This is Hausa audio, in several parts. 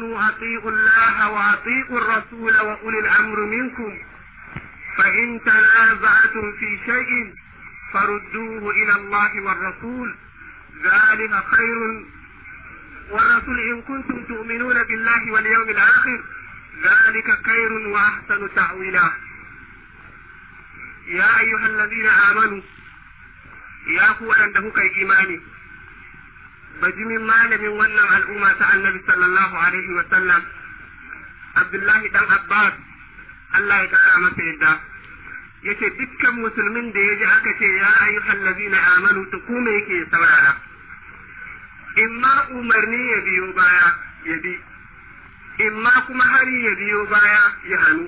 قالوا أطيعوا الله وأطيعوا الرسول وأولي الأمر منكم فإن تنازعتم في شيء فردوه إلى الله والرسول ذلك خير والرسول إن كنتم تؤمنون بالله واليوم الآخر ذلك خير وأحسن تعويلا يا أيها الذين آمنوا يا قوة عنده كإيمانه bajimin malamin wannan al'umma ta annabi sallallahu alaihi wa sallam abdullahi dan abbas Allah ya kara masa yadda yace dukkan musulmin da ya ji aka ce ya ayyuhal na amanu to kuma yake saurara imma umarni ya biyo baya ya bi imma kuma hari ya biyo baya ya hannu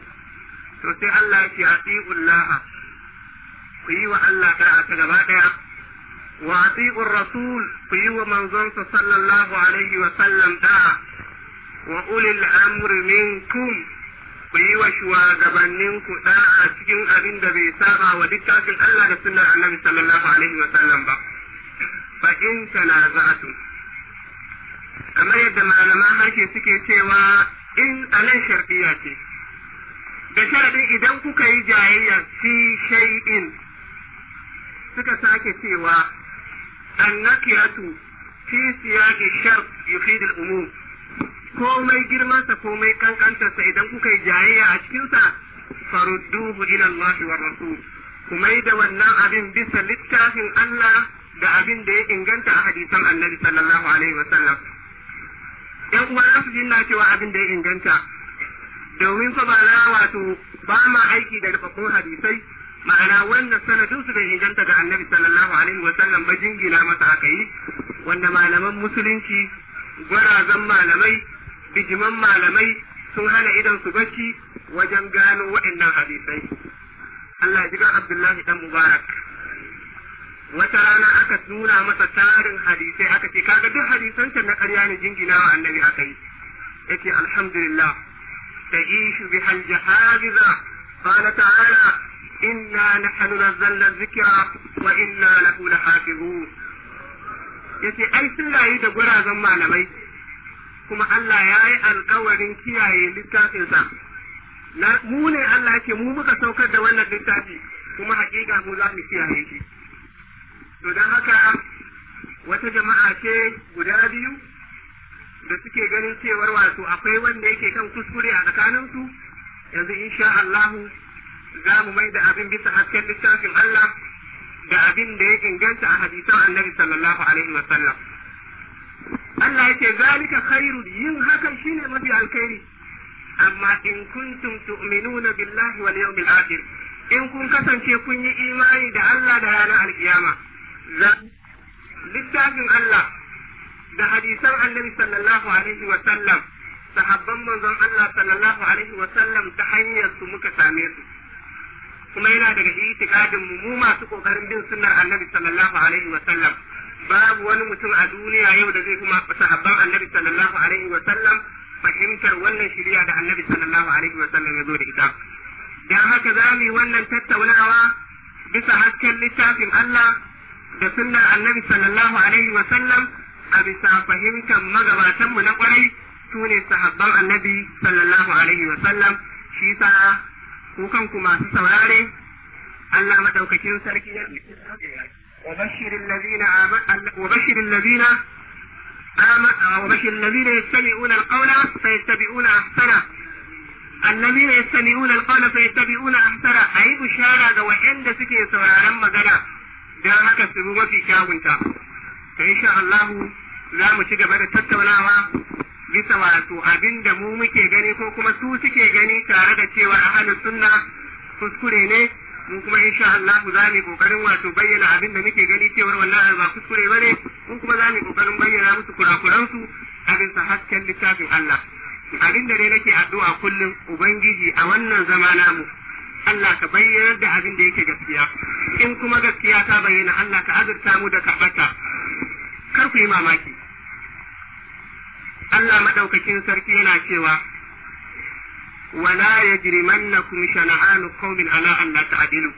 to sai Allah ya ce ku yi wa Allah kara ta gaba daya wa rasul ku yi wa manzonsa sallallahu alaihi wa sallam da wa ulil amri ku yi wa shugabannin ku da a cikin abin da bai saba wa littafin Allah da sunnar Annabi sallallahu alaihi wa sallam ba fa in tanaza'tum kamar yadda malaman harshe suke cewa in anan shar'iyya ce da sharadin idan kuka yi jayayya fi shay'in suka sake cewa annakiyatu fi siyaqi shart yufid al-umum komai girmansa komai kankantarsa idan kuka yi jayayya a cikinsa farudduhu ila Allah wa rasul kuma da wannan abin bisa littafin Allah da abin da ya inganta a hadisan annabi sallallahu alaihi wa sallam yan uwa za su jinna cewa abin da ya inganta domin fa ba wato ba ma aiki da rubabbun hadisai ma'ana wannan sanadin su bai inganta ga annabi sallallahu alaihi wasallam ba jingina masa aka yi wanda malaman musulunci gwarazan malamai bijiman malamai sun hana idan su bacci wajen gano waɗannan hadisai Allah ji Abdullahi dan Mubarak wata rana aka nuna masa tarin hadisai aka ce kaga duk hadisan na ƙarya ne jingina wa annabi aka yi yace alhamdulillah تعيش بها الجهابذة قال تعالى inna nahnu nazzalna dhikra wa inna lahu yace ai sun rayu da gurazan malamai kuma Allah ya yi alkawarin kiyaye littafinsa na mu ne Allah yake mu muka saukar da wannan littafi kuma hakika mu za mu kiyaye shi to don haka wata jama'a ce guda biyu da suke ganin cewar wato akwai wanda yake kan kuskure a tsakaninsu yanzu insha Allahu za mu mai da abin bisa hasken littafin Allah da abin da ya inganta a hadisan annabi sallallahu alaihi wa sallam Allah ya ce zalika khairu yin hakan shine mafi alkhairi amma in kuntum tu'minuna billahi wal yawmil akhir in kun kasance kun yi imani da Allah da ranar alkiyama littafin Allah da hadisan annabi sallallahu alaihi wa sallam sahabban manzon Allah sallallahu alaihi wa sallam ta hanyar su muka same su kuma yana daga itikadin mu masu kokarin bin sunnar annabi sallallahu alaihi wa sallam babu wani mutum a duniya yau da zai kuma sahabban annabi sallallahu alaihi wa sallam fahimtar wannan shirya da annabi sallallahu alaihi wa sallam ya zo da ita dan haka za mu yi wannan tattaunawa bisa hasken littafin Allah da sunnar annabi sallallahu alaihi wa sallam a bisa fahimtar magabatanmu na kwarai su ne sahabban annabi sallallahu alaihi wa sallam shi sa ku kanku masu saurare Allah madaukakin sarki ya وبشر الذين آمنوا وبشر الذين آمنوا وبشر الذين يستمعون القول فيتبعون أحسنه الذين يستمعون القول فيتبعون أحسنه أي بشارة وعند سكي سورارا مغنى don haka su mafi kyawunta to insha Allah za mu ci gaba da tattaunawa bisa wato abin da mu muke gani ko kuma su suke gani tare da cewa ahalus sunna kuskure ne mu kuma insha Allah za mu kokarin wato bayyana abin da muke gani cewa wallahi ba kuskure bane mu kuma za mu kokarin bayyana musu kurakuran su abin sa hasken littafin Allah abin da ne nake addu'a kullum ubangiji a wannan zama namu Allah ka bayyana da abin da yake gaskiya in kuma gaskiya ta bayyana Allah ka azurta mu da kabata kar ku yi mamaki Allah maɗaukakin sarki yana cewa wala ya yajrimannakum shana'anu qaumin ala an la ta'dilu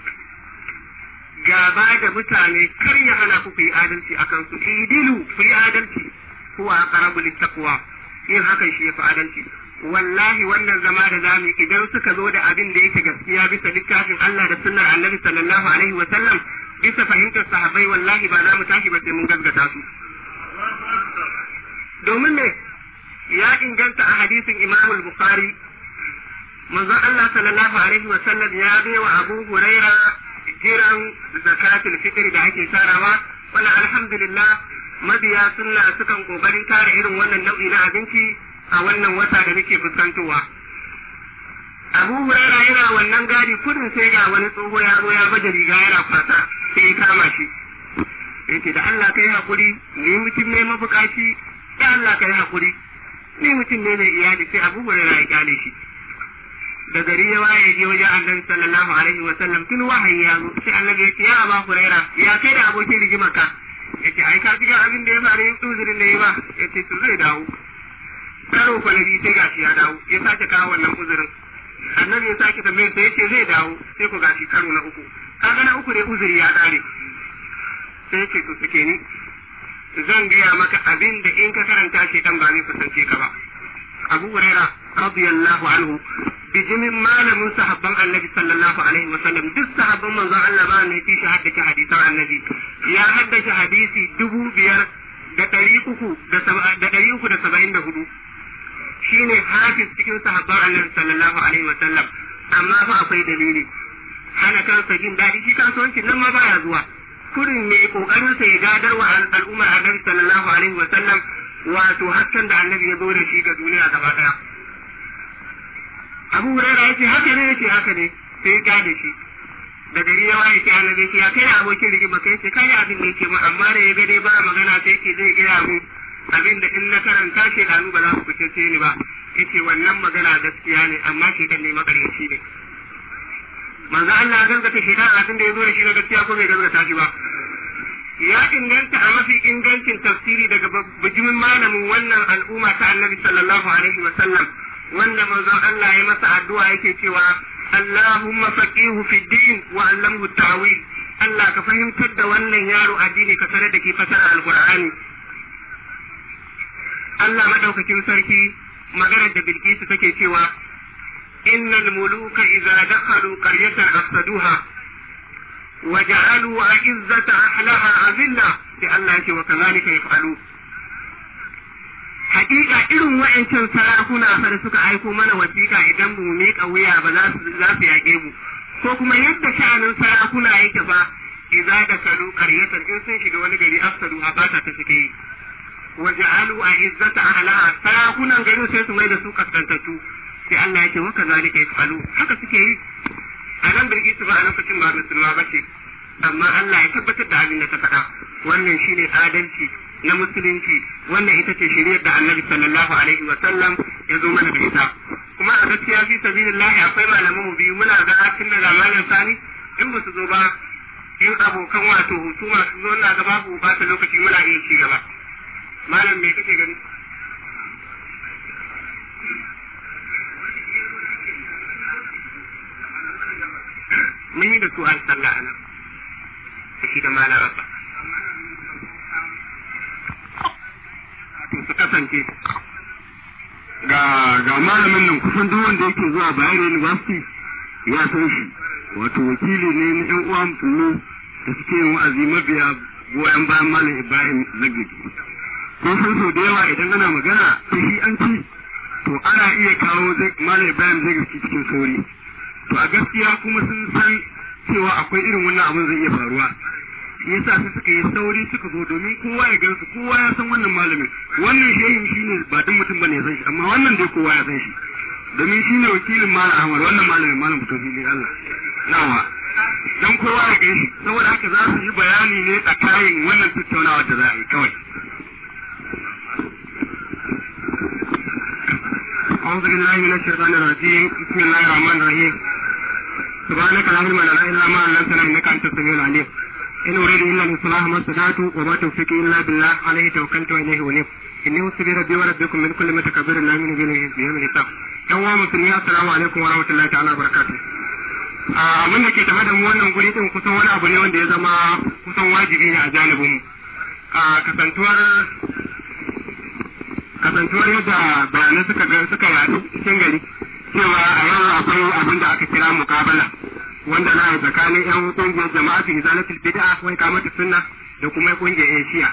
gaba da mutane kar ya hana ku yi adalci akan su idilu ku yi adalci huwa aqrabu littaqwa in hakan shi yafi adalci wallahi wannan zama da zamu idan suka zo da abin da yake gaskiya bisa littafin Allah da sunnar Annabi sallallahu alaihi wa sallam bisa fahimtar sahabbai wallahi ba za mu tashi ba sai mun gaskata su domin ne ya inganta a hadisin Imam al-Bukhari manzon Allah sallallahu alaihi wa sallam ya wa Abu Huraira jiran zakatul fitr da ake tarawa wala alhamdulillah mabiya sunna sukan kokarin tara irin wannan nau'i na abinci a wannan wata da muke fuskantowa Abu Huraira yana wannan gadi kudin sai ga wani tsoho ya zo ya baje riga yana kwasa sai ya kama shi yake da Allah kai hakuri ni mutum ne mabukaci da Allah kai hakuri ne mutum ne mai iyali sai abu hurairar ya gane shi da gari ya waye je wajen annabi sallallahu alaihi wa sallam tun wahayi ya zo sai annabi ya ce ya aba hurairar ya kai da abokin rigimarka ya ce ai ka ji ga abin da ya faru yin uzurin da ya ba ya ce to zai dawo karo kwalabi sai gashi ya dawo ya sake kawo wannan uzurin annabi ya sake tambayar sa ce zai dawo sai ku gashi karo na uku kaga na uku ne uzuri ya dare sai ce to suke ni zan gaya maka abin da in ka karanta shi dan ba zai kusance ka ba Abu Huraira radiyallahu anhu bijimin malamin sahabban annabi sallallahu alaihi wa sallam duk sahabban manzon Allah ba ne shi haddace hadisan annabi ya haddace hadisi dubu biyar da ɗari uku da da ɗari uku da saba'in da hudu shine hafiz cikin sahabban annabi sallallahu alaihi wa sallam amma fa akwai dalili hana kansa jin daɗi shi kasuwancin nan ma baya zuwa kurin ne kokarin sa ya gadar wa al'umma nan sallallahu alaihi wa sallam wato hasken da annabi ya zo da shi ga duniya gaba daya abu hurairah yace haka ne yace haka ne sai ya da shi da gari ya waye sai annabi ya kai abokin rigima kai sai kai abin da yake mu amma da ya ga dai ba magana sai yake zai gaya mu abin da in na karanta shi da ba za ku fice ni ba yace wannan magana gaskiya ne amma shi ne makarici ne manzo Allah ya shi shaitan abin da ya zo da shi na gaskiya ko bai gaskata shi ba ya inganta a mafi ingancin tafsiri daga bijimin malamin wannan al'umma ta annabi sallallahu alaihi wa sallam wanda manzo Allah ya masa addu'a yake cewa Allahumma faqihu fi din wa allamhu ta'wil Allah ka fahimtar da wannan yaro addini ka sanar da ke fasara alqur'ani Allah madaukakin sarki maganar da Bilkisu take cewa إن الملوك إذا دخلوا قرية أفسدوها وجعلوا أعزة أهلها أذلة لألا وكذلك يفعلون Hakika irin wa'ancin sarakuna a suka aiko mana wasiƙa idan mu miƙa wuya ba za su yaƙe mu, ko kuma yadda sha'anin sarakuna yake ba, iza da kalu ƙaryatar in sun shiga wani gari afsaru a bata ta suke yi. Waje alu a ala sarakunan garin sai su mai da su kaskantattu, sai Allah ya ce wa kazalika yafalu haka suke yi a nan bilkisu ba a lokacin ba musulma ba ce amma Allah ya tabbatar da abin da ta faɗa wannan shine adalci na musulunci wannan ita ce shiriyar da annabi sallallahu alaihi wa sallam ya zo mana da ita kuma a gaskiya fi sabilillahi akwai malaman mu biyu muna ga a da zamanin sani in ba su zo ba in abokan wato hutu masu zo na ga babu ba ta lokaci muna iya ci gaba malam me kake gani fito a sallah a nan da shi da malam abba su kasance ga ga malamin nan kusan duk wanda yake zuwa bayan university ya san shi wato wakili ne na yan uwan musulmi da suke yin wa'azi mabiya goyon bayan malam ibrahim zaggaji ko san sau da yawa idan ana magana ta shi an ci to ana iya kawo malam ibrahim zaggaji cikin sauri to a gaskiya kuma sun san cewa akwai irin wannan abin zai iya faruwa yasa su suka yi sauri suka zo domin kowa ya gansu kowa ya san wannan malamin wannan shehin shine ba duk mutum ba ya san shi amma wannan dai kowa ya san shi domin shine wakilin malam Ahmad wannan malamin malam ne Allah nawa dan kowa ya gan shi saboda haka za su yi bayani ne tsakanin wannan tattaunawa da za a yi kawai أعوذ بالله من الشيطان الرجيم بسم الله الرحمن الرحيم سبحانك لا علم لنا إلا ما علمتنا إنك أنت السميع العليم إن أريد إلا الإصلاح ما استطعت وما توفيقي إلا بالله عليه توكلت وإليه أنيب إني أوصي ربي وربكم من كل متكبر لا من به بيوم الحساب يوم مسلمين السلام عليكم ورحمة الله تعالى وبركاته abin da ke tafe da mu wannan guri din kusan wani abu ne wanda ya zama kusan wajibi ne a janibin mu kasantuwar kasantuwar yadda bayanai suka suka yaɗu cikin gari cewa a yau akwai abin da aka kira mukabala wanda na yi tsakanin yan kungiyar jama'a fi zalatul bid'a wai kamata sunna da kuma kungiyar Asia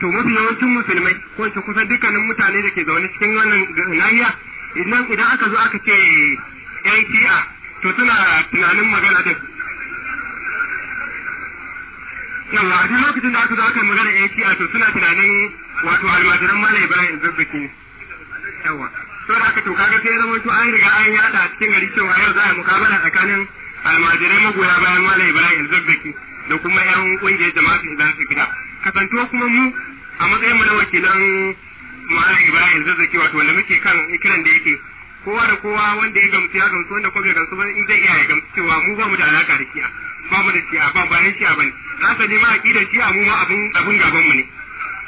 to mafi yawancin musulmai ko ta kusan dukkanin mutane da ke zaune cikin wannan nahiya idan idan aka zo aka ce asia to suna tunanin magana din yawa a duk lokacin da aka zo aka magana asia to suna tunanin wato almajiran malai bayan zazzaki yawa to da aka toka kaga sai zama to an riga an yada a cikin gari cewa yau za a mukabala tsakanin almajirai magoya bayan malam ibrahim zazzaki da kuma yan kungiyar jama'a su su gida kasantuwa kuma mu a matsayin mu na wakilan malam ibrahim zazzaki wato wanda muke kan ikiran da yake kowa da kowa wanda ya gamsu ya gamsu wanda kuma bai gamsu ba in zai iya ya gamsu cewa mu ba mu da alaka da shi'a ba mu da shi'a ba bayan shi'a bane asali ma aqidar shi'a mu ma abun abin gaban mu ne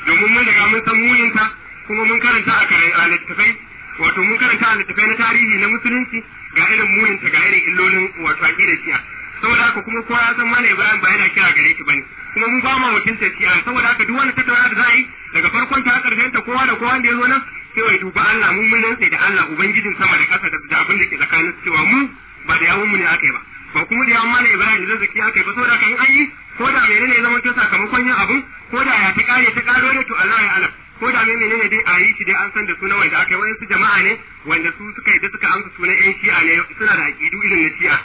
domin mun riga mun san muninta kuma mun karanta a a littattafai wato mun karanta a littafai na tarihi na musulunci ga irin ta ga irin illolin wato aƙidar shi'a saboda haka kuma kowa ya san mana Ibrahim ba yana kira gare shi bane kuma mun ba mu mutunta shi'a saboda haka duk wani tattauna da za a yi daga farkon ta karshen ta kowa da kowa da ya zo nan sai wai duba Allah mun mun da Allah ubangijin sama da ƙasa da abin da ke tsakanin cewa mu ba da yawun mu ne aka yi ba ba kuma da yawun mana Ibrahim da zaki aka yi ba saboda kan an yi ko da menene ya zama ta sakamakon yin abin ko da ya ta kare ta karo ne to Allah ya ko da me menene dai a yi shi dai an san da suna wanda aka yi su jama'a ne wanda su suka yadda suka amsa sunan yan shi'a ne suna da aƙidu irin na shi'a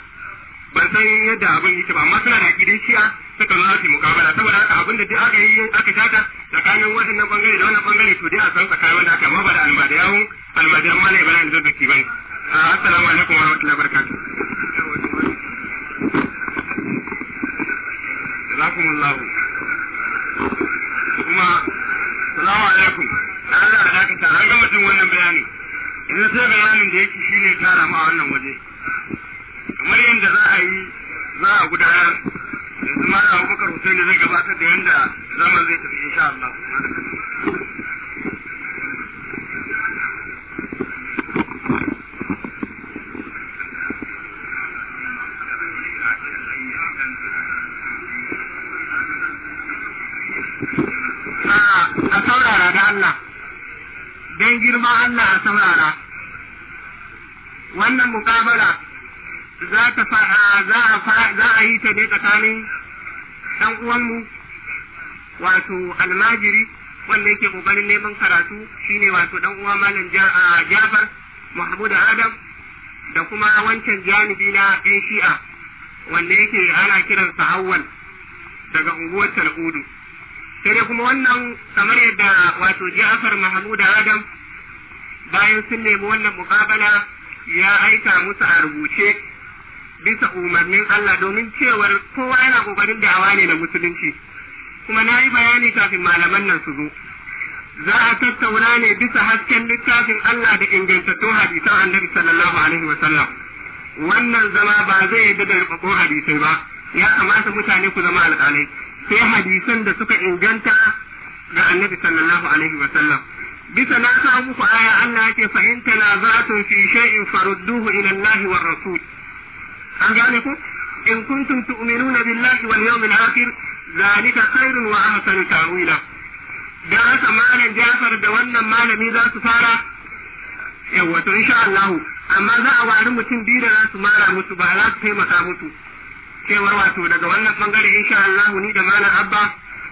ban san yadda abin yake ba amma suna da aƙidun shi'a suka zo su mukabala saboda haka abin da dai aka yi aka shata tsakanin waɗannan bangare da wannan bangare to dai a san tsakanin wanda aka ba mabara almadayawan almadayan ne bana da zazzaki bane assalamu alaikum wa rahmatullahi wa barakatuh jazakumullahu kuma Salamu alaikum. Allah da zaka ta an gama wannan bayani. Yanzu sai bayanin da yake shine tara ma wannan waje. Kamar yadda za a yi za a gudanar zama da Abubakar Hussein zai gabatar da yanda zaman zai tafi insha Allah. a saurara da Allah don girma Allah a saurara wannan mukabala za a yi ta ne tsakanin ɗan uwanmu wato almajiri wanda yake ƙoƙarin neman karatu shine wato ɗan uwa malam Jafar Mahmud Adam da kuma wancan janibi na ɗan shi'a wanda yake ana kiransa Awwal daga unguwar talkudu sai dai kuma wannan kamar yadda wato Ja'far Mahmud Adam bayan sun nemi wannan muƙabala ya aika musu a rubuce bisa umarnin Allah domin cewar kowa yana kokarin da'awa ne na musulunci kuma na yi bayani kafin malaman nan su zo za a tattauna ne bisa hasken littafin Allah da ingantattun hadisan annabi sallallahu alaihi wasallam wannan zama ba zai yi da rubakon hadisai ba ya kamata mutane ku zama alƙalai sai hadisan da suka inganta ga annabi sallallahu alaihi wa sallam bisa na sa muku aya Allah yake fa in tanaza'tum fi shay'in farudduhu ila Allah wa rasul an gane ku in kuntum tu'minuna billahi wal yawmil akhir zalika khairun wa ahsanu ta'wila da aka malam Jafar da wannan malami za su fara yawa to insha Allah amma za a wari mutum biyu da za su mara musu ba za su taimaka mutu cewar wato daga wannan bangare insha Allah ni da malam Abba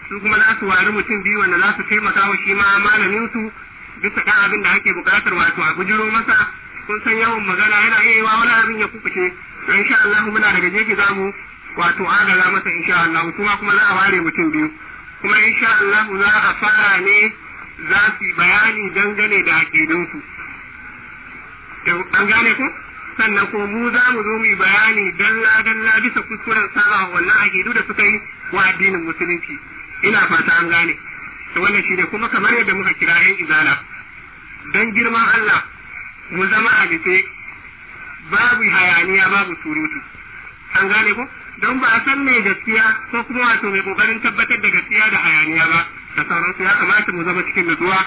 su kuma za su wari mutum biyu wanda za su taimaka wa shi ma malamin su bisa kan abin da ake buƙatar wato a bujiro masa kun san yawan magana yana iya yiwa wani abin ya kuɓuce in sha Allah muna daga jeji za mu wato adala masa in Allah kuma kuma za a ware mutum biyu kuma insha Allah za a fara ne za su bayani dangane da su. An gane ku? sannan ko mu za mu zo mu bayani dalla dalla bisa kuskuren sa'a wannan aƙidu da suka yi wa addinin musulunci ina fata an gane to wannan shi ne kuma kamar yadda muka kira yan izala don girman Allah mu zama a babu hayaniya babu surutu an gane ko don ba a san mai gaskiya ko kuma wato mai kokarin tabbatar da gaskiya da hayaniya ba da sauransu ya kamata mu zama cikin nutsuwa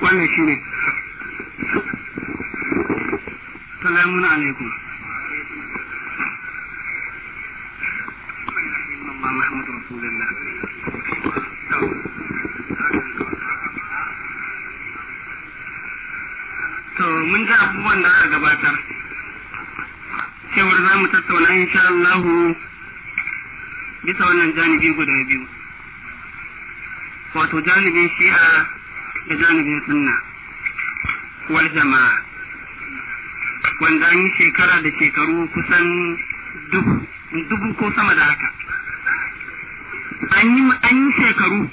wannan shi ne salamun alaikum محمد رسول الله to mun ji abubuwan da aka gabatar cewar za mu tattauna insha Allahu bisa wannan janibi guda biyu wato janibin shi'a da janibin sunna wal jama'a wanda an yi shekara da shekaru kusan dubu ko sama da haka an yi shekaru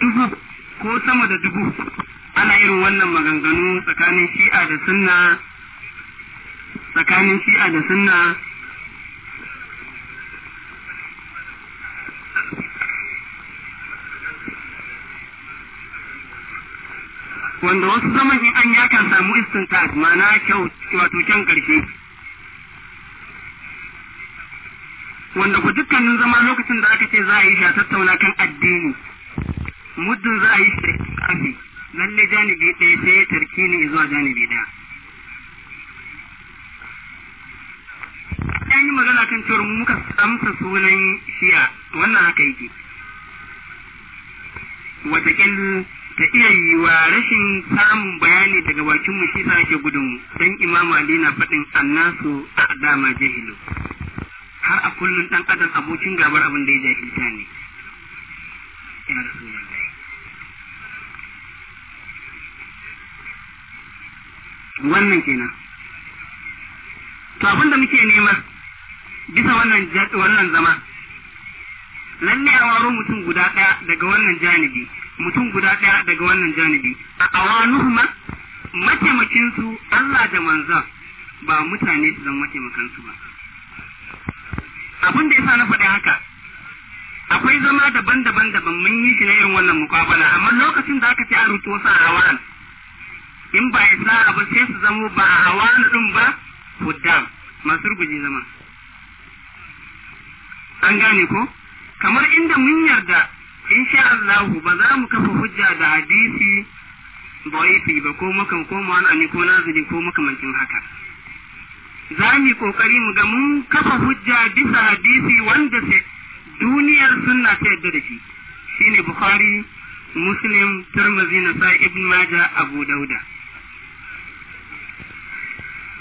dubu ko sama da dubu ana irin wannan maganganu tsakanin shi'a da sunna tsakanin shi'a da sunna wanda wasu zaman in an yakan samu istinta mana kyau wato kyan karshe wanda ku dukkanin zama lokacin da aka ce za a yi shi a tattauna kan addini muddin za a yi shi kafi lalle janibi ɗaya sai tarki ne zuwa janibi ɗaya an yi magana kan cewar muka amsa sunan shi'a wannan haka yake wataƙil ta iya yi wa rashin samun bayani daga bakin mu shi sa ke gudun dan imamu ali na faɗin annasu a dama jahilu har a kullum ɗan adam abokin gabar abin da ya jahilta ne ya wannan kenan to abin da muke nema bisa wannan wannan zama lalle a waro mutum guda ɗaya daga wannan janibi mutum guda ɗaya daga wannan janibi a awanuhuma mataimakin su Allah da manzan ba mutane su zan mataimakan su ba abin da yasa na faɗi haka akwai zama daban-daban daban mun yi shi na irin wannan mukabala amma lokacin da aka ce a rutu wasu a hawan in ba ya sa abu sai su zamo ba a hawan din ba huddam masu rubuji zama an gane ko kamar inda mun yarda insha Allah ba za mu kafa hujja da hadisi da'ifi ba ko makan ko mu'anani ko nazili ko makamancin haka za mu kokari mu ga mun kafa hujja bisa hadisi wanda sai duniyar sunna ta yarda da shi shine bukhari muslim tirmidhi nasa ibn majah abu dauda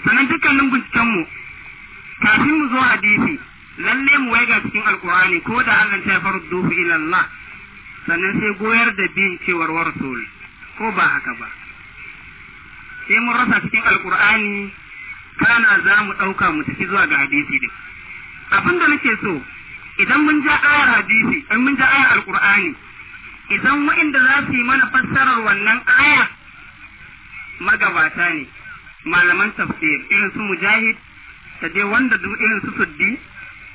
sanan dukkanin binciken mu kafin mu zo hadisi lalle mu waiga cikin alkur'ani ko da Allah ta faruddu ila Allah sannan sai goyar da bin cewar wa ko ba haka ba sai mun rasa cikin alkur'ani kana za mu ɗauka mu tafi zuwa ga hadisi din abin da nake so idan mun ja ayar hadisi in mun ja ayar alkur'ani idan waɗanda za su yi mana fassarar wannan aya magabata ne malaman tafsir irin su mujahid da dai wanda duk irin su suddi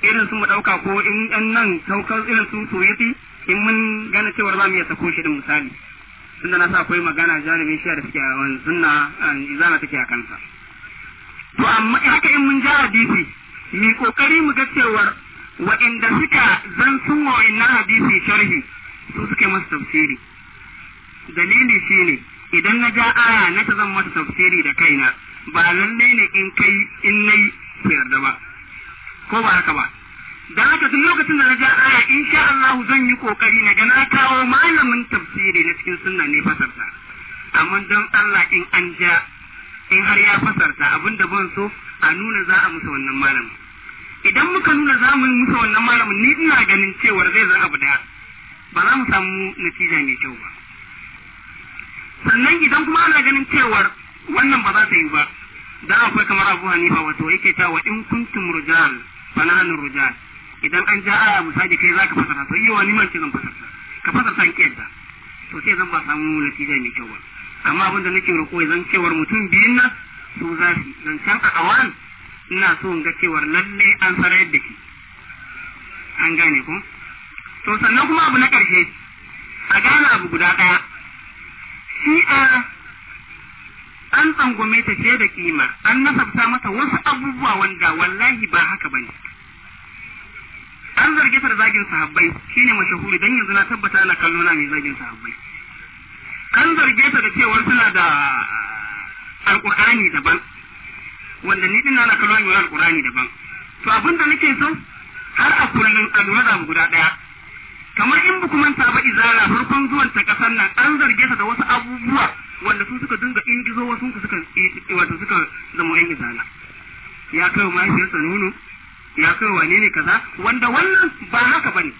irin su mu ɗauka ko in ɗan nan saukar irin su soyafi in mun gana cewar za mu iya sako shi da misali tunda na sa akwai magana jarumin shi da suke a wani izana take a kansa to amma haka in mun ja hadisi mi kokari mu ga cewar waɗanda suka zan sun wa wa'annan hadisi sharhi su suke masa tafsiri dalili shi ne idan na ja aya na ta zan masa tafsiri da kaina ba lallai ne in kai in nayi ku yarda ba ko ba haka ba da haka tun lokacin da na ja aya insha Allah zan yi kokari na ga na kawo malamin tafsiri na cikin sunna ne fasarta amma don Allah in an ja in har ya fasarta abinda ban so a nuna za a musu wannan malamin idan muka nuna za mu musu wannan malamin ni ina ganin cewar zai zama abu daya ba za mu samu natija mai kyau ba sannan idan kuma ana ganin cewar wannan ba za ta yi ba dan akwai kamar Abu Hanifa wato yake cewa in kuntum rujal fananin rujal idan an ja aya misali kai zaka fasara to yi wani man ce zan fasara ka fasarta an kiyarta to sai zan ba samu natija mai kyau ba amma abin da nake roƙo zan cewar mutum biyun nan su za su zancen a awan ina so in ga cewar lalle an sarayar da ke an gane ko to sannan kuma abu na ƙarshe a gane abu guda ɗaya shi'a an tsangwame ta fiye da kima an nasabta mata wasu abubuwa wanda wallahi ba haka ba ne. an zarge ta da zagin sahabbai shine mashahuri don yanzu na tabbata ana kallo na mai zagin sahabbai an zarge ta da cewar suna da alqur'ani daban wanda ni din na kallo ne alqur'ani daban to abin da nake so har a kullun a lura da guda ɗaya. kamar in bu kuma ta ba izara farkon zuwan ta ƙasar nan an zarge ta da wasu abubuwa wanda su suka dinga ingizo wasu ku suka wato suka zama yan izala ya kai shi nono ya kai wane ne kaza wanda wannan ba haka bane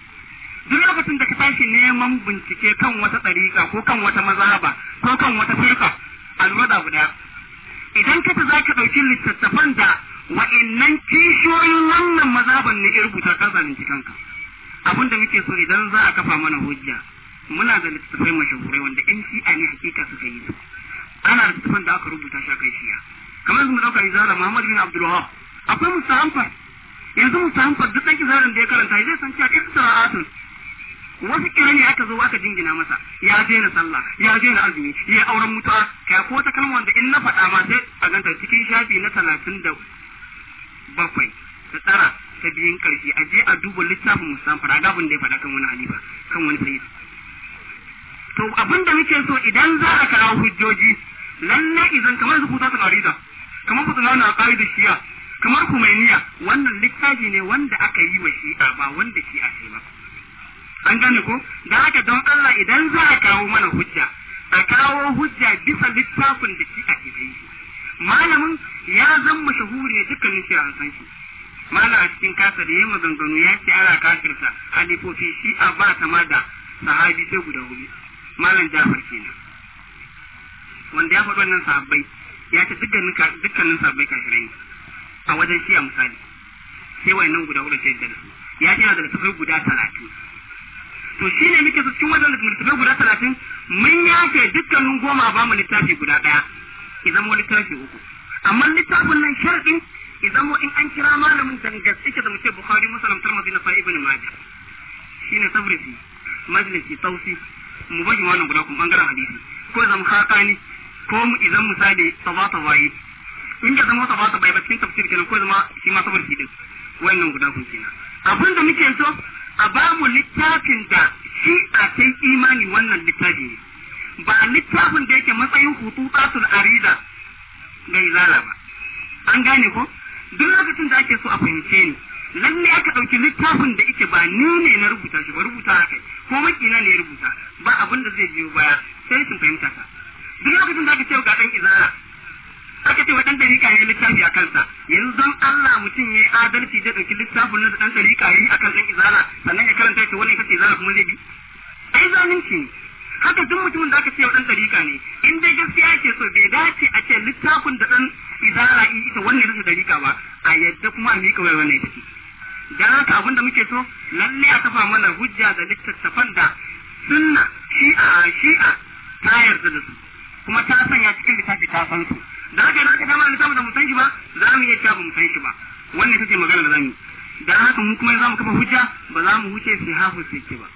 duk lokacin da ka tashi neman bincike kan wata ɗariƙa ko kan wata mazhaba ko kan wata firka a lura guda idan ka ta za dauki ɗauki littattafan da wa'annan kishiyoyin wannan mazhaban ne ya rubuta ka zalunci kanka abinda da muke so idan za a kafa mana hujja muna da littattafai mashahurai wanda yan shi'a ne hakika suka yi su ana da littattafan da aka rubuta shi a akan shi'a kamar yanzu mu dauka izara Muhammad bin Abdul Wahab akwai musahamfar yanzu musahamfar duk dan izaran da ya karanta zai san cewa isra'atun wasu kirani aka zo aka jingina masa ya daina sallah ya daina azumi ya auren mutuwa kai ko ta kalma wanda in na faɗa ma sai a ganta cikin shafi na talatin da bakwai ta tsara ta biyun ƙarshe a je a duba littafin musamman gabin da ya faɗa kan wani halifa kan wani sayyid to abin da muke so idan za a kawo hujjoji lalle idan kamar su kuta tsarida kamar ku tsana na da shiya kamar ku mai niyya wannan littafi ne wanda aka yi wa shi ba wanda shi'a ce ba an gane ko da haka don Allah idan za a kawo mana hujja a kawo hujja bisa littafin da shi ke da malamin ya zan mashahuri ne dukkanin shi'a a san shi mala a cikin kasa da yi maganganu ya ce ana kafirta halifofi a ba ta ma da sahabi sai guda hudu malam Jafar ne wanda ya faɗi wannan sahabbai ya ce dukkanin sahabbai kashirai a wajen a misali sai nan guda hudu sai da su ya ce da littafai guda talatin to shi ne muke su cikin wajen littafai guda talatin mun yafe dukkanin goma ba mu littafi guda ɗaya idan mu littafi uku amma littafin nan sharɗin idan mu in an kira malamin dangaske da mu ce Bukhari Muslim tarmazi na Ibn Majah shine tabrisi majlisi tausi mu bari wannan guda kuma bangaren hadisi ko haka ni ko mu idan misali sabata wayi in ka zama sabata bai ba cikin tafsir kenan ko zama shi ma sabar shi din wannan guda kun kenan abin da muke so a ba mu littafin da shi a kai imani wannan littafi ne ba littafin da yake matsayin hutu tasul arida ga izala ba an gane ko duk lokacin da ake so a fahimce ni lalle aka ɗauki littafin da yake ba ni ne na rubuta shi ba rubuta haka ko makina ne ya rubuta ba abin da zai biyo baya sai sun fahimta ka duk lokacin da aka ce ga ɗan izara aka ce wa ɗan ɗariƙa ya littafi a kansa yanzu don Allah mutum ya yi adalci zai ɗauki littafin na ɗan ɗariƙa ya yi a kan ɗan izara sannan ya karanta ce wannan kace izara kuma zai bi ai zalunci ne haka duk mutumin da aka ce wa ɗan ne in dai gaskiya yake so bai dace a ce littafin da ɗan izara ita wannan ya ɗariƙa ba a yadda kuma a miƙa wai wannan ya dan haka abin da muke so lalle a kafa mana hujja da littattafan da sunna shi'a shi'a ta yarda da su kuma ta sanya cikin littafi ta san su dan haka idan aka dama samu da mun san shi ba za mu iya cewa ba mu san shi ba wannan ita ce magana da zamu yi da haka mu kuma za mu kafa hujja ba za mu wuce su hafu su ke ba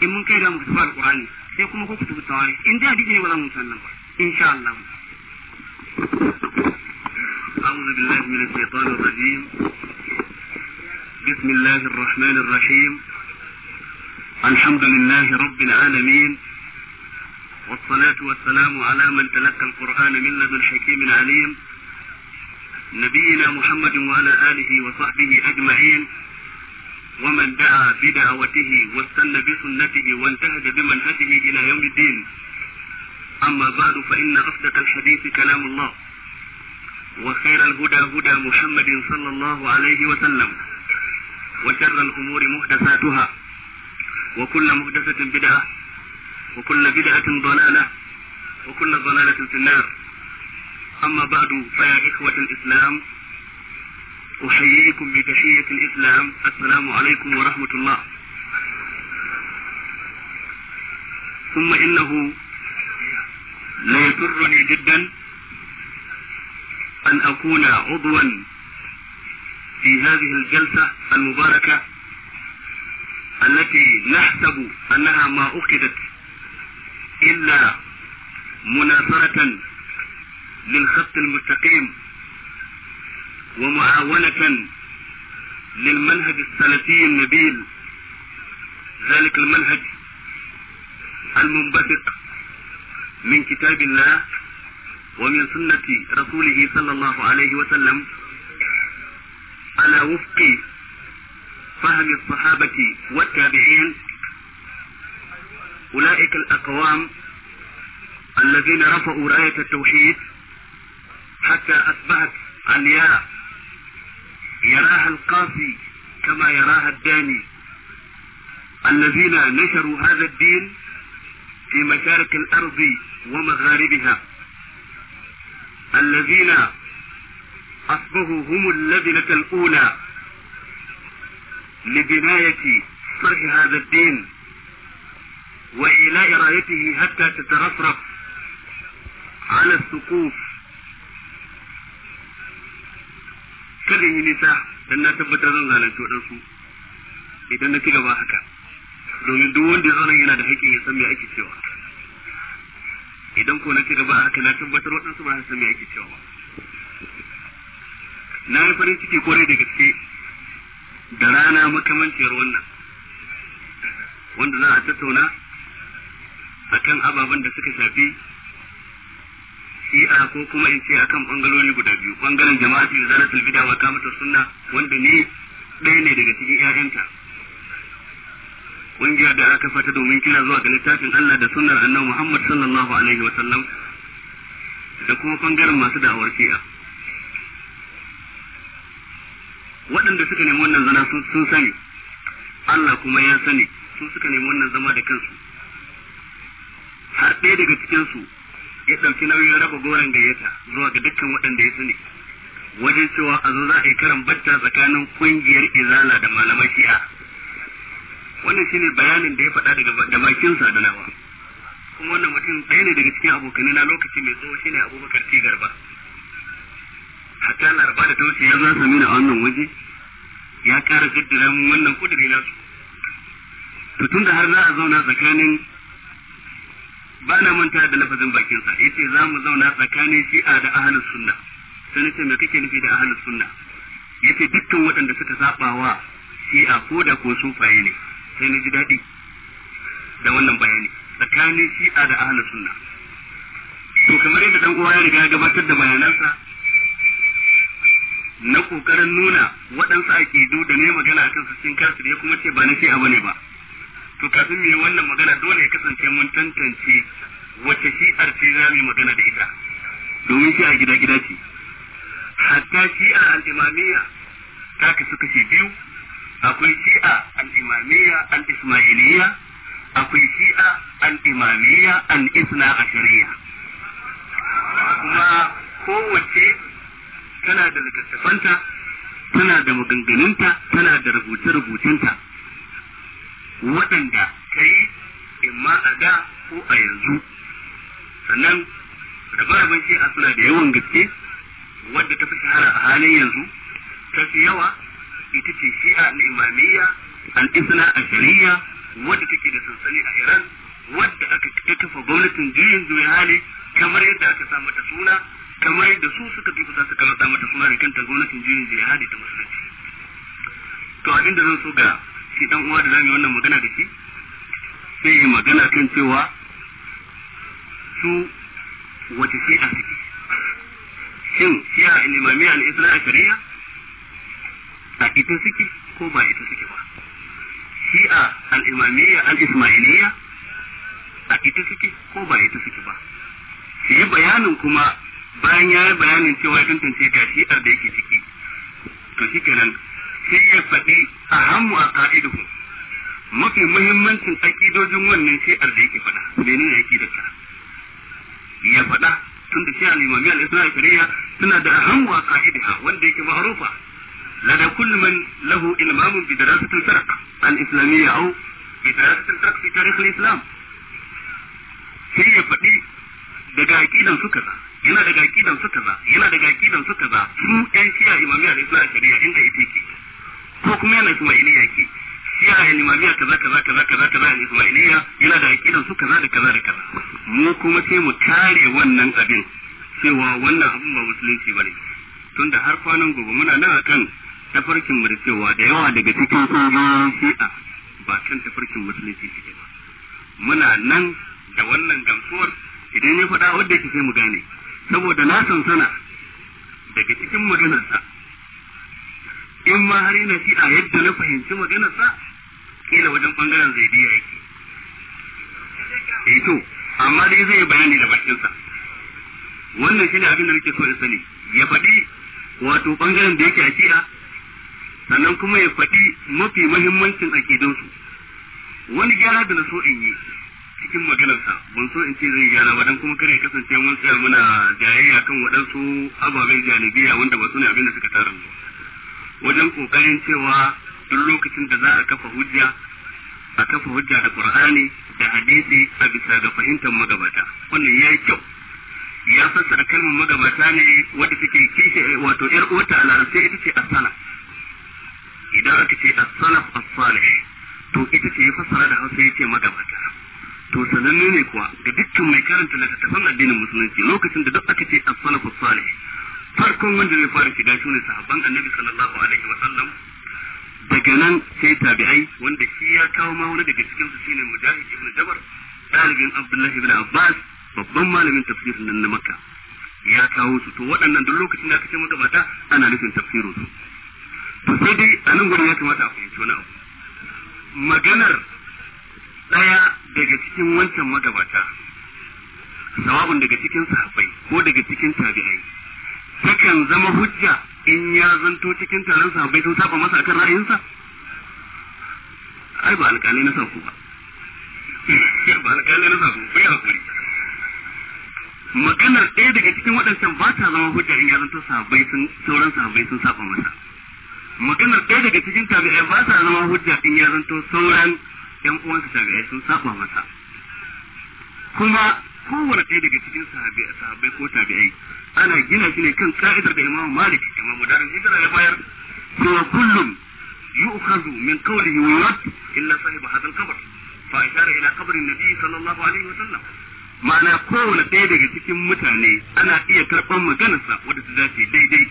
in mun kai da mu kutuba alqur'ani sai kuma ko kutubu tawari in da hadisi ne ba za mu san nan ba insha Allah أعوذ بالله من الشيطان الرجيم بسم الله الرحمن الرحيم الحمد لله رب العالمين والصلاة والسلام على من تلقى القرآن من لدن حكيم عليم نبينا محمد وعلى آله وصحبه أجمعين ومن دعا بدعوته واستنى بسنته وانتهج بمنهجه إلى يوم الدين أما بعد فإن أصدق الحديث كلام الله وخير الهدى هدى محمد صلى الله عليه وسلم وشر الأمور محدثاتها وكل محدثة بدعة وكل بدعة ضلالة وكل ضلالة في النار أما بعد فيا إخوة الإسلام أحييكم بتحية الإسلام السلام عليكم ورحمة الله ثم إنه ليسرني جدا أن أكون عضوا في هذه الجلسة المباركة التي نحسب أنها ما أخذت إلا مناصرة للخط المستقيم ومعاونة للمنهج السلفي النبيل ذلك المنهج المنبثق من كتاب الله ومن سنة رسوله صلى الله عليه وسلم على وفق فهم الصحابة والتابعين أولئك الأقوام الذين رفعوا راية التوحيد حتى أصبحت علياء يراها القاسي كما يراها الداني الذين نشروا هذا الدين في مشارق الأرض ومغاربها الذين حسبه هم اللبنة الأولى لبناية صرح هذا الدين وإلى رايته حتى تترفرف على السقوف kada نساء لن dan na tabbatar zan zalunci waɗansu idan na haka domin duk wanda ya zauna yana da haƙƙin ya san me cewa idan ko na ci gaba haka na tabbatar waɗansu ba su san me cewa na yi farin ciki kwarai da gaske da rana makamanciyar wannan wanda za a tattauna a kan ababen da suka shafi shi'a ko kuma in ce akan bangaloli guda biyu bangaren jama'a fi zara talbida wa kamatar sunna wanda ne ɗaya ne daga cikin 'ya'yanta ƙungiyar da aka fata domin kira zuwa ga littafin Allah da sunnar annabi Muhammad sallallahu alaihi wa sallam da kuma bangaren masu da'awar shi'a waɗanda suka nemi wannan zana sun sani Allah kuma ya sani su suka nemi wannan zama da kansu har ɗaya daga cikinsu ya ɗauki nauyin raba goron gayyata zuwa ga dukkan waɗanda ya sani wajen cewa a zo za a yi karan bacca tsakanin ƙungiyar izala da malamai shi'a wannan shine bayanin da ya faɗa daga da sa da nawa kuma wannan mutum ɗaya ne daga cikin abokanai na lokaci mai tsawo shine abubakar tigarba hatta laraba da tausi ya za su nuna a wannan waje ya ƙara jaddada mun wannan kudiri nasu to tun da har za a zauna tsakanin ba na manta da lafazin bakinsa ya ce za mu zauna tsakanin shi'a da ahlus sunna sai nace me kake nufi da ahlus sunna ce dukkan waɗanda suka saba wa shi'a ko da ko sufaye ne sai na ji daɗi da wannan bayani tsakanin shi'a da ahlus sunna to kamar yadda dan uwa ya riga gabatar da bayanansa na kokarin nuna waɗansu aƙidu da ne magana a su cikin kafir ya kuma ce ba na shi'a bane ba to kafin mu yi wannan magana dole ya kasance mun tantance wace shi'ar ce za mu magana da ita domin shi'a gida gida ce hatta shi'a al-imamiyya ta kasu kashe biyu akwai shi'a al-imamiyya al-ismailiyya akwai shi'a al-imamiyya al-isna shari'a kuma kowace tana da littattafanta tana da maganganunta tana da rubuce-rubucenta waɗanda ta yi imma a da ko a yanzu sannan rabe-raben shi'a suna da yawan gaske wadda ta fi shahara a halin yanzu ta fi yawa ita ce shi'a al'imamiyya isna a shari'a wadda take da sansani a iran wadda aka kafa gwamnatin jirgin juya hali kamar yadda aka sa mata suna kamar yadda su suka fifita suka rada mata suna da kanta gwamnatin juyin jihadi ta musulunci to abin da zan so ga shi dan uwa da zamu wannan magana da shi sai yi magana kan cewa su wace a suke shin shi'a al-imamiyya al a shari'a a ita suke ko ba ita suke ba Shi a alimami a ismailiyya a ita suke ko ba ita suke ba shi bayanin kuma bayan ya yi bayanin cewa tantance ga shi'ar da yake ciki to shi kenan sai ya faɗi a hamu a ka'idu mafi muhimmancin akidojin wannan a da yake faɗa yake daga ya faɗa tun da a limami al-islam shari'a suna da hamu a ha wanda yake ma'rufa لدى sarak al islamiyya au bi الفرق الإسلامية أو بدراسة الفرق islam sai ya faɗi daga دقائق suka sa. yana daga akidan suka za yana daga akidan suka za su yan shiya imamiya da islam shari'a inda ita ke ko kuma yana ismailiya ke shiya a imamiya kaza kaza kaza kaza kaza a ismailiya yana da akidan suka za da kaza da kaza mu kuma sai mu tare wannan abin cewa wannan abin ba musulunci bane tunda har kwanan gobe muna nan akan tafarkin mu da cewa da yawa daga cikin sojojin shi'a ba kan tafarkin musulunci ke ba muna nan da wannan gamsuwar idan ya faɗa wadda ke sai mu gane saboda na sansana daga cikin maganarsa in ma har yana fi a yadda na fahimci maganarsa kila wajen bangaren biya yake eh to amma dai zai bayani da bakinsa wannan shine abin da nake so in sani ya faɗi wato bangaren da yake a sannan kuma ya faɗi mafi mahimmancin akidansu wani gyara da na so in yi cikin maganarsa ban so in ce zai gyara ba dan kuma kare kasance mun tsaya muna jayayya kan waɗansu ababen janibiya wanda ba su ne abin da suka tara mu wajen kokarin cewa duk lokacin da za a kafa hujja a kafa hujja da qur'ani da hadisi a bisa ga fahimtar magabata wannan yayi kyau ya fassara kalmar magabata ne wadda take kishi wato yar uwata a larabce ita ce asala. idan aka ce asala salaf as to ita ce ya fassara da Hausa ce magabata to sananne ne kuwa ga dukkan mai karanta littattafan addinin musulunci lokacin da duk aka ce as-salafu salih farkon wanda zai fara shiga shi ne sahabban annabi sallallahu alaihi wa sallam daga nan sai tabi'ai wanda shi ya kawo ma wani daga cikin su shine mujahid ibn jabar dalibin abdullahi ibn abbas babban malamin tafsirin nan na makka ya kawo su to waɗannan duk lokacin da aka ce mata ana nufin tafsirin su to sai dai a nan gurin ya kamata a fahimci wani abu maganar daga cikin wancan magabata sawabin daga cikin sahabbai ko daga cikin tabi'ai takan zama hujja in ya zanto cikin taron sahabbai sun saba masa akan ra'ayinsa ai ba alƙalai na safu ba ba alƙalai na safu bai hakuri maganar ɗaya daga cikin waɗancan ba ta zama hujja in ya zanto sahabbai sun sauran sahabbai sun saba masa maganar ɗaya daga cikin tabi'ai ba ta zama hujja in ya zanto sauran yan uwansa shafi'ai sun saba masa kuma kowane ɗaya daga cikin sahabbai ko tabi'ai ana gina shi ne kan ka'idar da imamu malik imamu darin hijira ya bayar cewa kullum yi ukazu min qawlihi yi wuyar illa sahib hadha al-qabr fa ishara ila kabarin an-nabi sallallahu alaihi wa sallam ma'ana kowane ɗaya daga cikin mutane ana iya karɓar maganarsa wadda ta dace daidai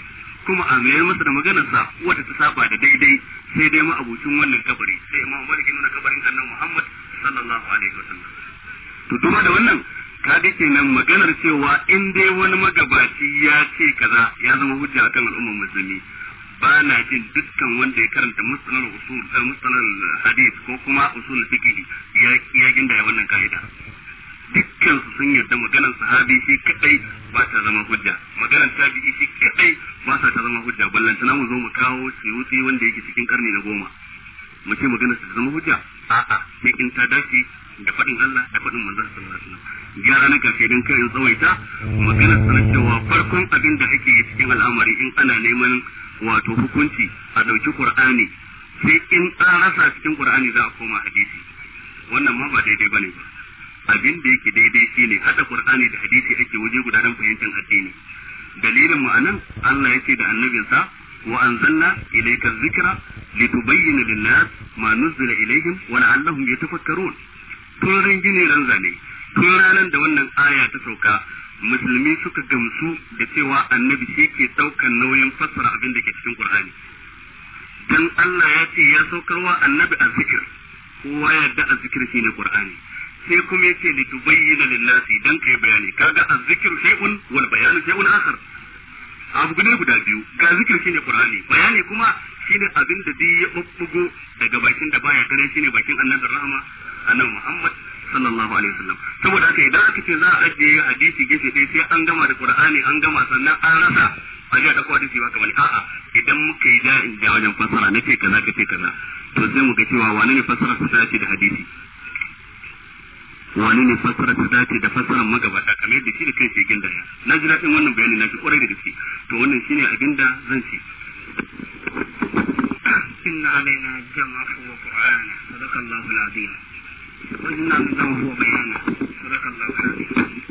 kuma a mayar masa da maganarsa wadda ta saba da daidai sai dai ma abokin wannan kabari sai imam malik ya kabarin annabi muhammad sallallahu alaihi wasallam to duba da wannan ka ga kenan maganar cewa in dai wani magabaci ya ce kaza ya zama hujja akan al'ummar musulmi ba na jin dukkan wanda ya karanta mustalar usul eh, hadith ko kuma usul fiqh ya ya wannan kaida dukkan su sun yarda maganar sahabi shi kadai ba ta zama hujja maganar tabi'i shi kadai ba sa ta zama hujja tana mu zo mu kawo suyuti wanda yake cikin karni na goma mu ce maganar ta zama hujja a'a ne in ta dace da faɗin Allah da faɗin manzon sallallahu alaihi wasallam gyara na kafe din kai in tsawaita maganar sanar cewa farkon abin da ake yi cikin al'amari in ana neman wato hukunci a dauki qur'ani sai in an rasa cikin qur'ani za a koma hadisi wannan ma ba daidai bane ba abin da yake daidai shine hada qur'ani da hadisi ake waje guda don fahimtar addini dalilin mu anan Allah yace da annabinsa wa anzalna ilayka dhikra litubayyana lin-nas ma nuzila ilayhim wa la'allahum yatafakkarun tun ringine ran zane tun ranan da wannan aya ta sauka musulmi suka gamsu da cewa annabi shi ke saukan nauyin fassara abin da ke cikin qur'ani dan Allah ya ce ya saukarwa annabi azzikr kowa ya da azzikr shine qur'ani sai kuma yace li tubayyana lin nasi dan kai bayani kaga azzikru shay'un wal bayanu shay'un akhar abu gudu guda biyu ga zikir shine qur'ani bayani kuma shine abin da ya bubbugo daga bakin da baya kare shine bakin annabi rahama annabi muhammad sallallahu alaihi wasallam saboda haka idan aka ce za a ajiye hadisi gefe ɗaya sai an gama da qur'ani an gama sannan an rasa a ji da hadisi ba kamar a'a idan muka yi da wajen fasara na ce kaza ka ce kaza to sai mu ga cewa wani ne ta ce da hadisi wani ne fassara ta dace da fassarar magabata kamar yadda shi da kai ke ginda ya na ji daɗin wannan bayani na fi kwarai da gaske to wannan shine abin da zan ce إن علينا جمعه qurana صدق الله العظيم وإنا نزعه وبيانه صدق الله العظيم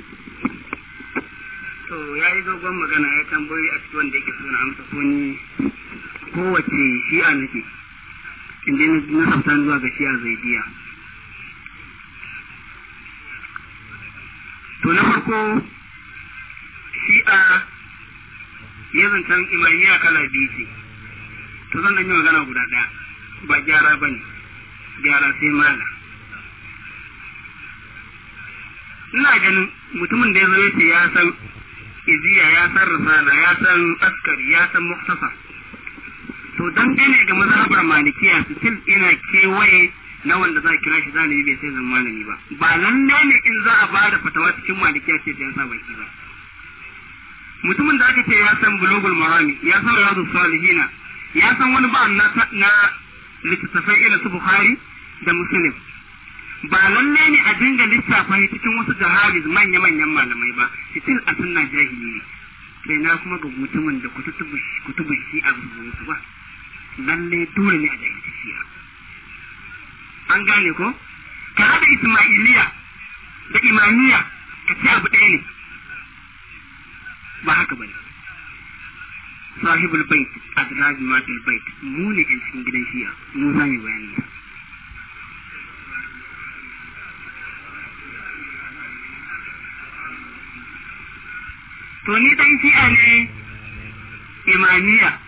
to ya yi dogon magana ya tambayi a cikin wanda yake suna amsa ko ni kowace shi'a nake inda na sabta zuwa ga shi'a zaidiya to na farko shi'a ya zancen imaniya kala biyu ce to zan yi magana guda ɗaya ba gyara ba ne gyara sai mala ina ganin mutumin da ya zo ce ya san iziya ya san risala ya san askari ya san muktasa to don gane ga mazhabar malikiya su ina kewaye na wanda za a kira shi zalimi bai sai zama malami ba ba lalle ne in za a ba da fatawa cikin malikiya ce da ya sa baki ba mutumin da aka ce ya san bulugul marami ya san radu salihina ya san wani ba na na littattafai irin su bukhari da muslim ba lalle ne a dinga lissafa cikin wasu jahabiz manya manyan malamai ba cikin a sunna jahili ne sai na kuma ga mutumin da kutubu shi a rubutu ba lalle dole ne a jahilci shi'a an gane ko ka haɗa ismailiya da imaniya ka ce abu ɗaya ne ba haka ba ne sahibul bait azraji matul bait mu ne ƴan cikin gidan shiya mu za mu bayani to ni dan shi'a ne imaniya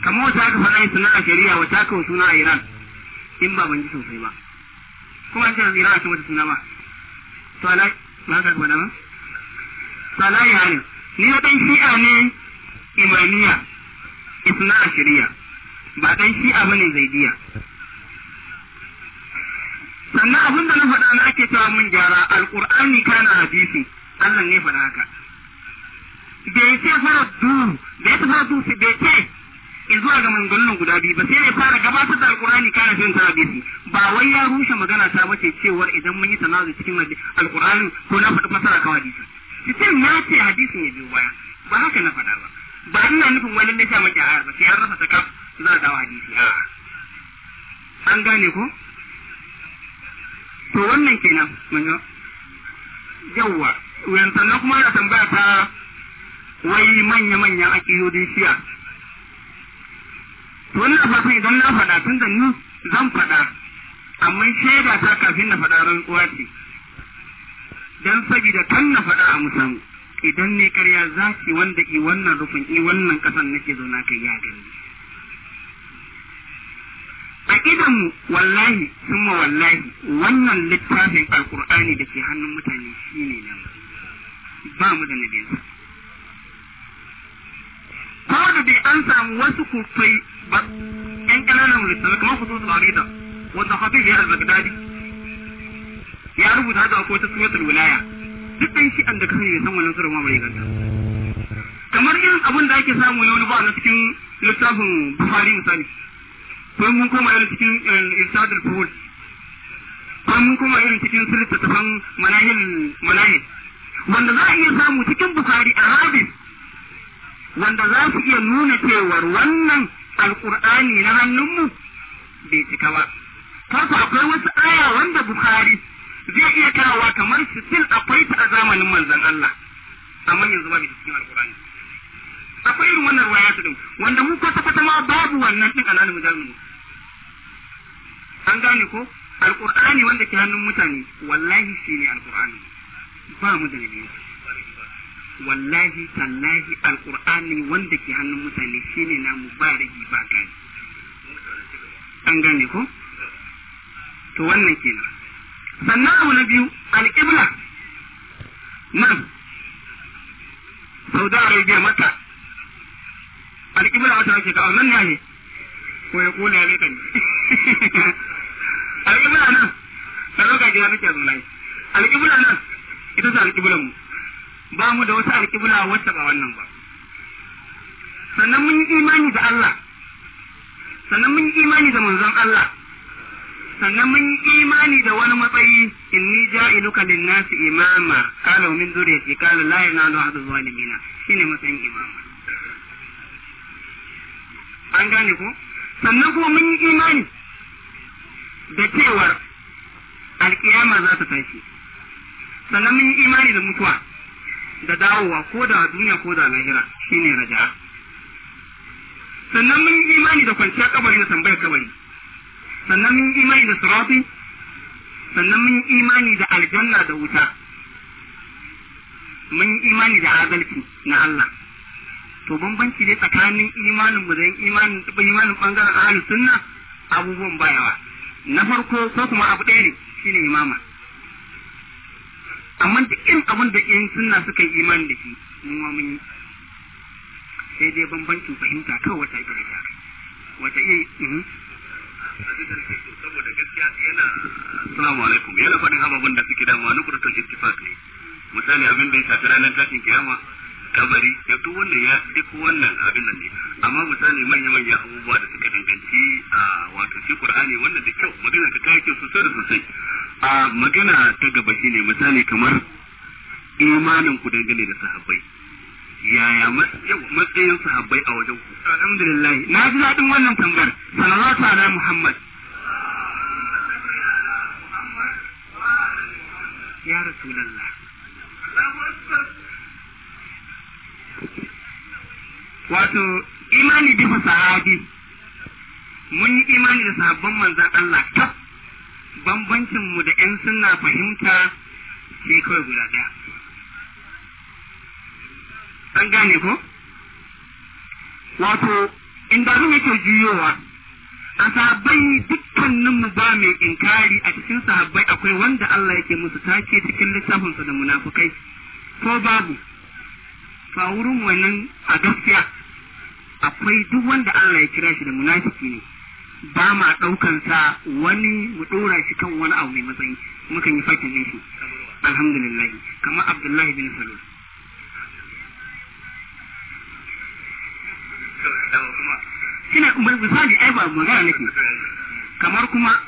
kamar wata aka faɗa suna a shari'a wata aka suna a iran in ba ban ji sosai ba kuma an ce zira a cikin wata suna ba to ba ka gwada dama to ya ne ni na dan shi'a ne imamiya isna ashiriya ba dan shi'a bane zaidiya sannan abin da na faɗa na ake cewa mun gyara alƙur'ani kana hadisi Allah ne faɗa haka bai ce faraddu bai ce faraddu bai ce zuwa ga manzannin guda biyu ba sai ya fara gabatar da alkurani kana jin ta hadisi ba wai ya rushe magana ta mace cewar idan mun yi tanazu cikin alkurani ko na faɗi fasara kawai hadisi cikin ya ce hadisin ya biyo baya ba haka na faɗa ba ba ina nufin wani na sha mace a ba sai an rasa takaf za a dawo hadisi an gane ko to wannan kenan mun ga yawwa wannan kuma da tambaya ta wai manya-manyan akidodin shiya wannan fatan idan na faɗa tun da ni zan faɗa amma shaida ta kafin na faɗa uwa ce dan sabida kan na faɗa a musamman idan ne karya za ki wanda i wannan rufin i wannan kasan nake zauna kai ya gani a idan wallahi ma wallahi wannan littafin alkur'ani da ke hannun mutane shine nan ba mu da nabiyansa ko da dai an samu wasu kufai بس كان كلامهم للسلام ما خطوط العريضة والتخطيط يا البغدادي ya rubuta haka ko ta suratul wilaya duk ɗan shi an da kan san wannan sura ma bai ganta kamar yin abin da ake samu ne wani ba na cikin littafin bukhari misali ko mun koma irin cikin irsadul fuhul ko mun koma irin cikin sirtafan manahil manahil wanda za a iya samu cikin bukhari a rabin wanda za su iya nuna cewar wannan alƙur'ani na hannunmu bai cika ba farko akwai wasu aya wanda bukhari zai iya karawa kamar sitil akwai ta a zamanin manzon Allah amma yanzu ba bisa cikin alƙur'ani akwai irin wannan ruwaya ta din wanda mu kwata kwata ma babu wannan din al'adun mu. an gane ko alƙur'ani wanda ke hannun mutane wallahi shine alƙur'ani ba mu da nabi wallahi tallahi alqur'ani wanda ke hannun mutane shine mu ba rigi ba gani an gane ko to wannan kenan sannan abu na biyu alƙibla nan saudi arabia mata alƙibla wata ake ka nan ne ko ya kula ne kan alƙibla nan sanar ga gida nake zuwa alƙibla nan ita ce alƙiblan mu ba mu da wata alƙibla wacce ba wannan ba sannan mun yi imani da Allah sannan mun yi imani da manzon Allah sannan mun yi imani da wani matsayi inni ja'iluka lin-nasi imama qala min zuriyati qala la yanalu ahadu zalimina shine matsayin imama an gane ku sannan kuma mun yi imani da cewar alkiyama za ta tashi sannan mun yi imani da mutuwa da dawowa ko da duniya ko da lahira shine raja sannan mun imani da kwanciya kabari da tambayar kabari sannan mun imani da surafi sannan mun imani da aljanna da wuta mun imani da adalci na Allah to bambanci dai tsakanin imanin mu da imanin imanin bangaren ahlus sunna abubuwan bayawa na farko ko kuma abu ɗaya ne shine imama amma duk in abin da in sunna suka yi imani da shi mu ma mun sai dai bambancin fahimta kawai wata ita da wata iya mhm. saboda gaskiya yana salamu alaikum yana faɗin hababin da suke dama nukuratul ittifaq ne misali abin da ya shafi ranar tashin kiyama kabari da duk wannan ya duk wannan abin nan ne amma misali manyan manya abubuwa da suka danganci a wato shi qur'ani wannan da kyau magana ta kai ke sosai da sosai a magana ta gaba ne misali kamar imanin ku dangane da sahabbai yaya matsayin sahabbai a wajen ku alhamdulillah na ji daɗin wannan tambayar sallallahu ala muhammad ya rasulullah wato imani bi sahabi mun yi imani da sahabban manzan Allah ta bambancin mu da ƴan sunna fahimta sai kawai guda ɗaya an gane ko wato in inda abin yake juyowa a sahabbai dukkanin mu ba mai inkari a cikin sahabbai akwai wanda Allah yake musu take cikin littafinsa da munafukai ko babu fa wurin wannan a gaskiya akwai duk wanda Allah ya kira shi da munafiki ne ba ma ɗaukan sa wani mu ɗora shi kan wani abu mai matsayi mukan yi fakin shi alhamdulillah kamar Abdullahi bin Salul shine mai misali ai ba magana nake kamar kuma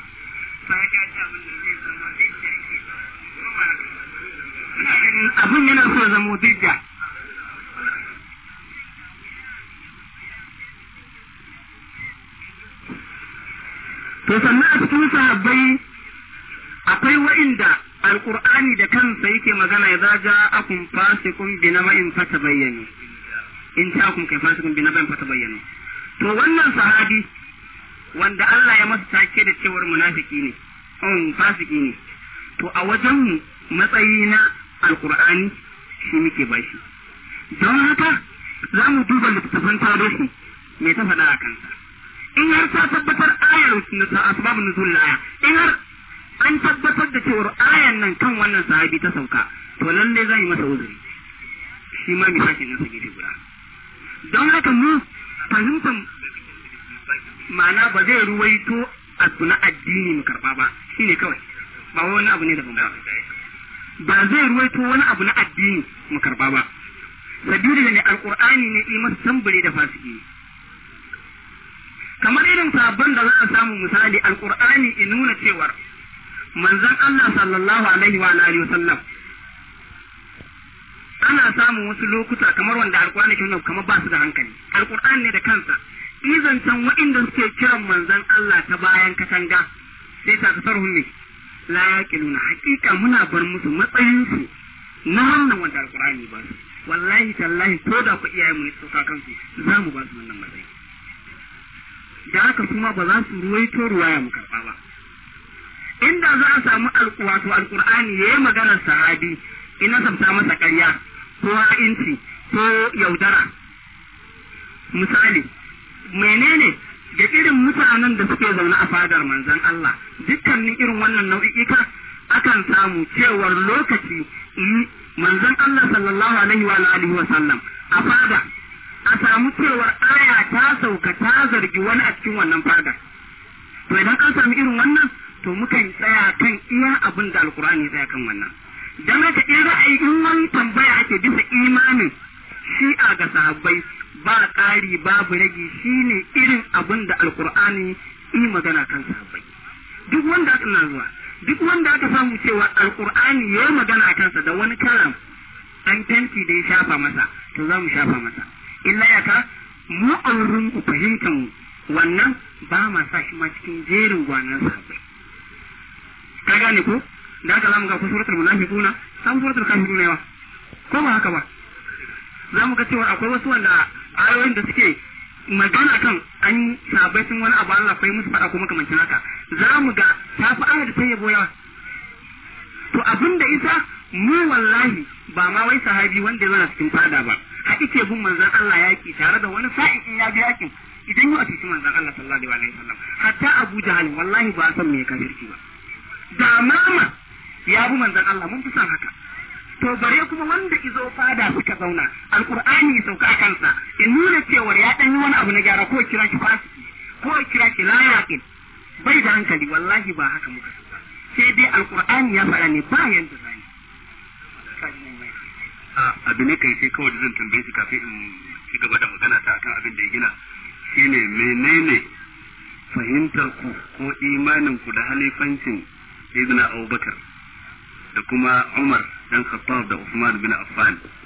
abin yana so zama bidda to sannan a cikin sahabbai akwai wa'inda alkur'ani da kansa yake magana ya zaja akun fasikun bi nama'in fata bayyane in ta akun kai fasikun bi nama'in fata bayyane to wannan sahabi wanda Allah ya masa take da cewar munafiki ne um fasiki ne to a wajen matsayi na alkur'ani shi muke bashi don haka za mu duba littattafan tarihi me ta faɗa a kansa in har ta tabbatar ayar asbabun nuzul aya in har an tabbatar da cewar ayar nan kan wannan sahabi ta sauka to lalle zan yi masa uzuri shi ma sake nasa gefe guda don haka mu fahimtar ma'ana ba zai ruwaito abu na addini mu karba ba shi ne kawai ba wani abu ne da ba ba zai ruwaito wani abu na addini mu karba ba sabili ne alkur'ani ne yi masa tambari da fasiki kamar irin sabon da za a samu misali alkur'ani in nuna cewar manzon Allah sallallahu alaihi wa alihi wa sallam ana samun wasu lokuta kamar wanda alkur'ani ke nuna kamar ba su da hankali alkur'ani ne da kansa izancan waɗanda suke kiran manzon Allah ta bayan katanga sai ta tasarhun hunne la yaqiluna hakika muna bar musu matsayinsu na wannan wanda alkur'ani ba su wallahi tallahi ko da ku iyaye mu ne su kansu za mu ba su wannan matsayi da haka kuma ba za su ruwaito ruwa ya karɓa ba inda za a samu wato alkur'ani ya yi maganar sahabi ina samta masa ƙarya ko ha'inci ko yaudara misali menene da irin mutanen da suke zaune a fadar manzan Allah dukkanin irin wannan nau'i'ika akan samu cewar lokaci manzan Allah sallallahu alaihi wa sallam a fada a samu cewar aya ta sauka ta zargi wani a cikin wannan fadar to idan an sami irin wannan to mukan tsaya kan iya abin da alkur'ani tsaya kan wannan dan haka in ra'ayi in wani tambaya ake bisa imanin a ga sahabbai ba ƙari babu rage ne irin abin da alkur'ani yi magana kan sahabbai duk wanda aka zuwa duk wanda aka samu cewa alkur'ani yi magana a kansa da wani karam an tanti da ya shafa masa to za mu shafa masa illa ya ka mu a wurin fahimtan wannan ba ma sa shi ma cikin jerin gwanin sahabbai ka gane ko da haka zamu ga ku suratul munafiquna san suratul kafiruna yawa ko ba haka ba zamu ga cewa akwai wasu wanda ayoyin da suke magana kan an sahabbai sun wani abu Allah kai musu fada ko makamancin haka zamu ga ta fi ayar da ta yabo yawa to abinda da isa mu wallahi ba ma wai sahabi wanda ya zana cikin fada ba haka ke bin manzan Allah yaki tare da wani sa'in in ya ga yakin idan yau a cikin manzan Allah sallallahu alaihi sallam, hatta Abu Jahal wallahi ba san me kafirci ba da mama ya bi manzan Allah mun fi san haka to bare kuma wanda izo fada suka zauna alqur'ani sauka a kansa in nuna cewar ya dan yi wani abu na gyara ko kira ki fasiki ko kira ki layakin bai da hankali wallahi ba haka muka sai dai alqur'ani ya fara ne ba da zai abu ne kai sai kawai da zan tambaye shi kafin in ci gaba da magana ta akan abin da ya gina shine menene fahimtar ku ko imanin ku da halifancin ibn Abubakar da kuma Umar dan Khattab da Uthman bin Affan